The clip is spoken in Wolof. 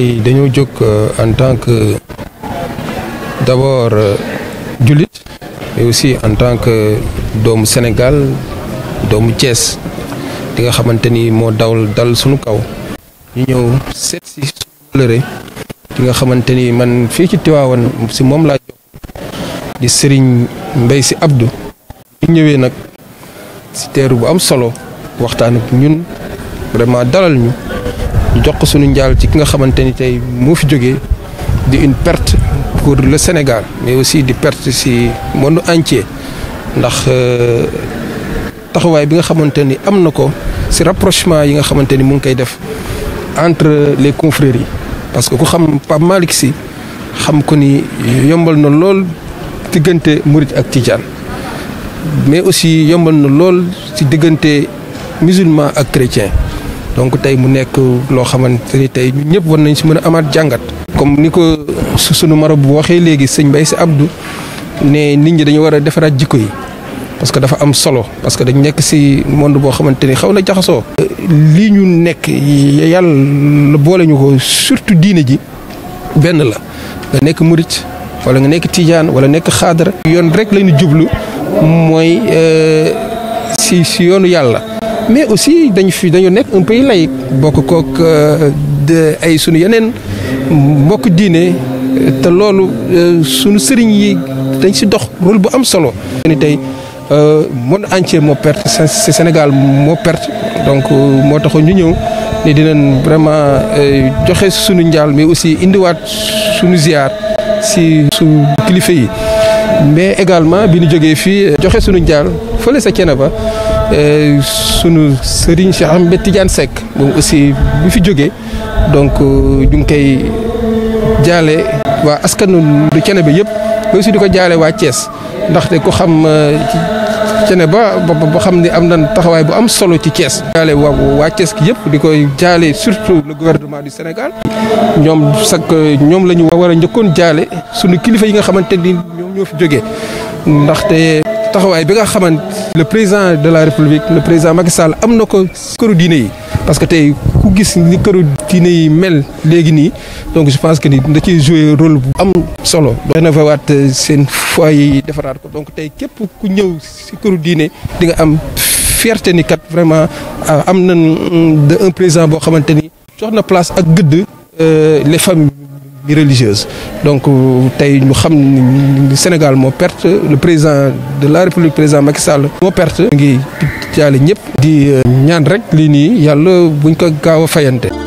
tay dañu jóg euh, en tant que d'abord euh, julit et aussi en tant que dom Sénégal dom Thiès di nga xamanteni mo dawl dawal dal suñu kaw ñu ñew set si leuré di nga xamanteni man fi ci Tiwaawan ci mom la jóg di Serigne mbey si Abdou ñu ñewé nak ci terre bu am solo waxtaan ak ñun vraiment dalal ñu. jox ko sunu njaal ci ki nga xamante ni tey moo fi jógee di une perte pour le Sénégal mais aussi di perte si monde entier ndax euh, taxawaay bi nga xamante ni am na ko si rapprochement yi nga xamante ni mu ngi koy def entre les confréries parce que ku xam Pape Malick si xam ko ni yombal na lool diggante Mourid ak Tidiane mais aussi yombal na lool ci diggante musulman ak chrétien donc tay mu nek lo xamanteni tay tey ñun ñëpp nañ ci mëna a amaat jàngat comme niko ko sunu bu Abdou ne nit ñi dañu wara defaraat jikko yi parce que dafa am solo parce que dañ nek ci monde bo xamanteni xawna jaxaso na jaxasoo lii ñu nekk yàlla boole ñu ko surtout diine ji ben la da nek murit wala nga nek tijaan wala nek khadra yon rek lañu jublu euh si si yonu yalla mais aussi dañu fi dañu nek un pays laïque bokk kok euh, de ay sunu yeneen mbokk diiné té lolu euh, sunu sëriñ yi dañ ci dox rôle bu am solo. ni euh monde entier moo perte Sénégal mo perte donc euh, mo taxo ñu ñëw ni dinañ vraiment joxé sunu njaal mais aussi wat sunu ziar si su kilifa yi mais également biñu joggé fi joxé joxe sunu njaal fële sa Thiénaba Euh, sunu sëriñ Cheikh Ahmed Tidiane Seck moom aussi bi fi jógee donc euh, ñu ngi koy jaale waa askanu du cene Thiénaba yëpp mais aussi di ko jaale waa Thiès ndaxte ko xam euh, cene ba xam ne am na taxawaay bu am solo ci Thiès. jaale waa waa Thiès yëpp di koy jaale surtout le gouvernement du Sénégal. ñoom sax ñoom la ñu war a njëkkoon jaale sunu kilifa yi nga xamante ni ñoom ñoo fi jóge ndaxte. taxaway bi nga xamante le président de la république le président Macky Sall am na ko këru diine yi parce que tey ku gis ni këru diine yi mel léegi nii donc je pense que ni da ciy jouer rôle bu am solo. rénové waat euh, seen foyer yi defaraat ko donc tey képp ku ñëw si këru diine di nga am fierté ni kat vraiment euh, am nañ de un président boo xamante ni jox na place ak gëdd euh, les familles religieuse donc nous euh, ñu xam Sénégal perte le président de la République président Macky Sall perte ngi jaale di euh,